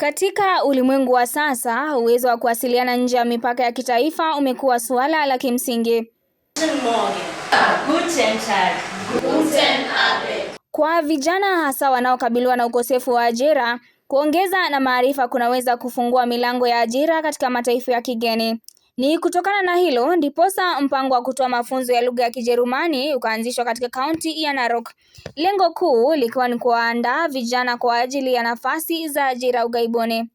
Katika ulimwengu wa sasa, uwezo wa kuwasiliana nje ya mipaka ya kitaifa umekuwa suala la kimsingi. Kwa vijana hasa wanaokabiliwa na ukosefu wa ajira, kuongeza na maarifa kunaweza kufungua milango ya ajira katika mataifa ya kigeni. Ni kutokana na hilo ndiposa mpango wa kutoa mafunzo ya lugha ya Kijerumani ukaanzishwa katika kaunti ya Narok, lengo kuu likiwa ni kuwaandaa vijana kwa ajili ya nafasi za ajira ughaibuni.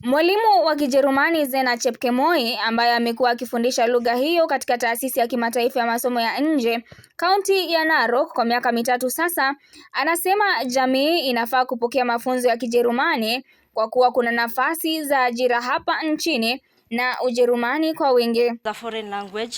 Mwalimu wa Kijerumani Zena Chepkemoi ambaye amekuwa akifundisha lugha hiyo katika taasisi ya kimataifa ya masomo ya nje kaunti ya Narok kwa miaka mitatu sasa, anasema jamii inafaa kupokea mafunzo ya Kijerumani kwa kuwa kuna nafasi za ajira hapa nchini na Ujerumani kwa wingi. The foreign language,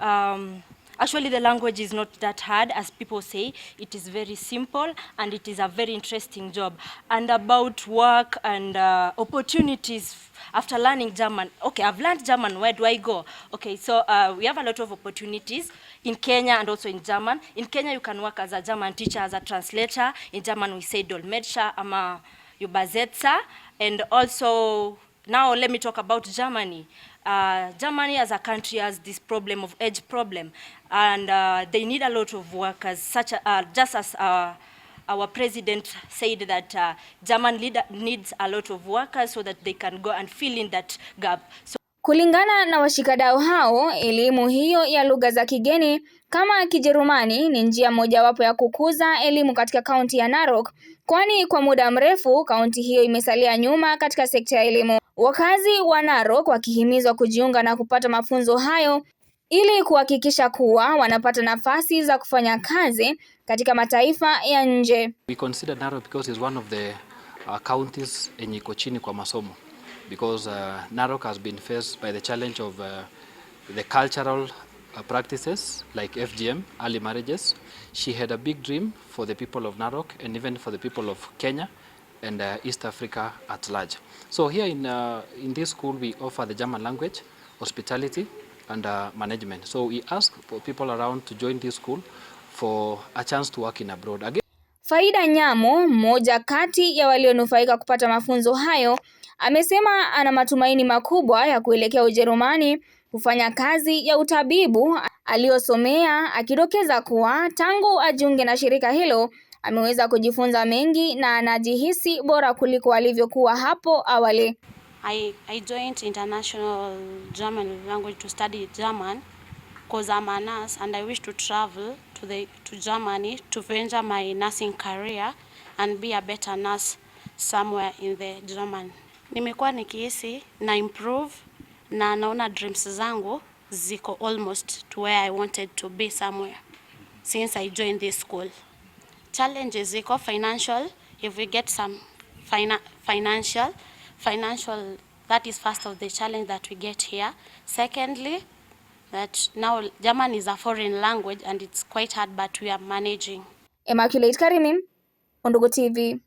um... Actually, the language is not that hard as people say. It is very simple and it is a very interesting job. And about work and uh, opportunities after learning German. Okay, I've learned German. Where do I go? Okay, so uh, we have a lot of opportunities in Kenya and also in German. In Kenya, you can work as a German teacher, as a translator. In German, we say Dolmetscher. ama... Ubersetzer, and also now let me talk about Germany. Uh, Germany as a country has this problem of age problem and uh, they need a lot of workers such a, uh, just as uh, our president said that uh, German leader needs a lot of workers so that they can go and fill in that gap. So Kulingana na washikadau hao, elimu hiyo ya lugha za kigeni kama Kijerumani ni njia mojawapo ya kukuza elimu katika kaunti ya Narok, kwani kwa muda mrefu kaunti hiyo imesalia nyuma katika sekta ya elimu. Wakazi wa Narok wakihimizwa kujiunga na kupata mafunzo hayo ili kuhakikisha kuwa wanapata nafasi za kufanya kazi katika mataifa ya nje. We consider Narok because it's one of the uh, counties yenye iko chini kwa masomo because uh, Narok has been faced by the challenge of uh, the cultural uh, practices like FGM, early marriages. She had a big dream for the people of Narok and even for the people of Kenya and uh, East Africa at large. So here in, uh, in this school, we offer the German language, hospitality, and uh, management. So we ask people around to join this school for a chance to work in abroad. Again, Faida Nyamo, mmoja kati ya walionufaika kupata mafunzo hayo Amesema ana matumaini makubwa ya kuelekea Ujerumani kufanya kazi ya utabibu aliyosomea, akidokeza kuwa tangu ajiunge na shirika hilo ameweza kujifunza mengi na anajihisi bora kuliko alivyokuwa hapo awali. I, I joined international German language to study German because I'm a nurse and I wish to travel to the to Germany to venture my nursing career and be a better nurse somewhere in the German nimekuwa nikihisi na improve na naona dreams zangu ziko almost to where I wanted to be somewhere since I joined this school. Challenges ziko financial, if we get some fina financial financial that is first of the challenge that we get here. Secondly, that now German is a foreign language and it's quite hard but we are managing. Immaculate Karimin, Undugu TV.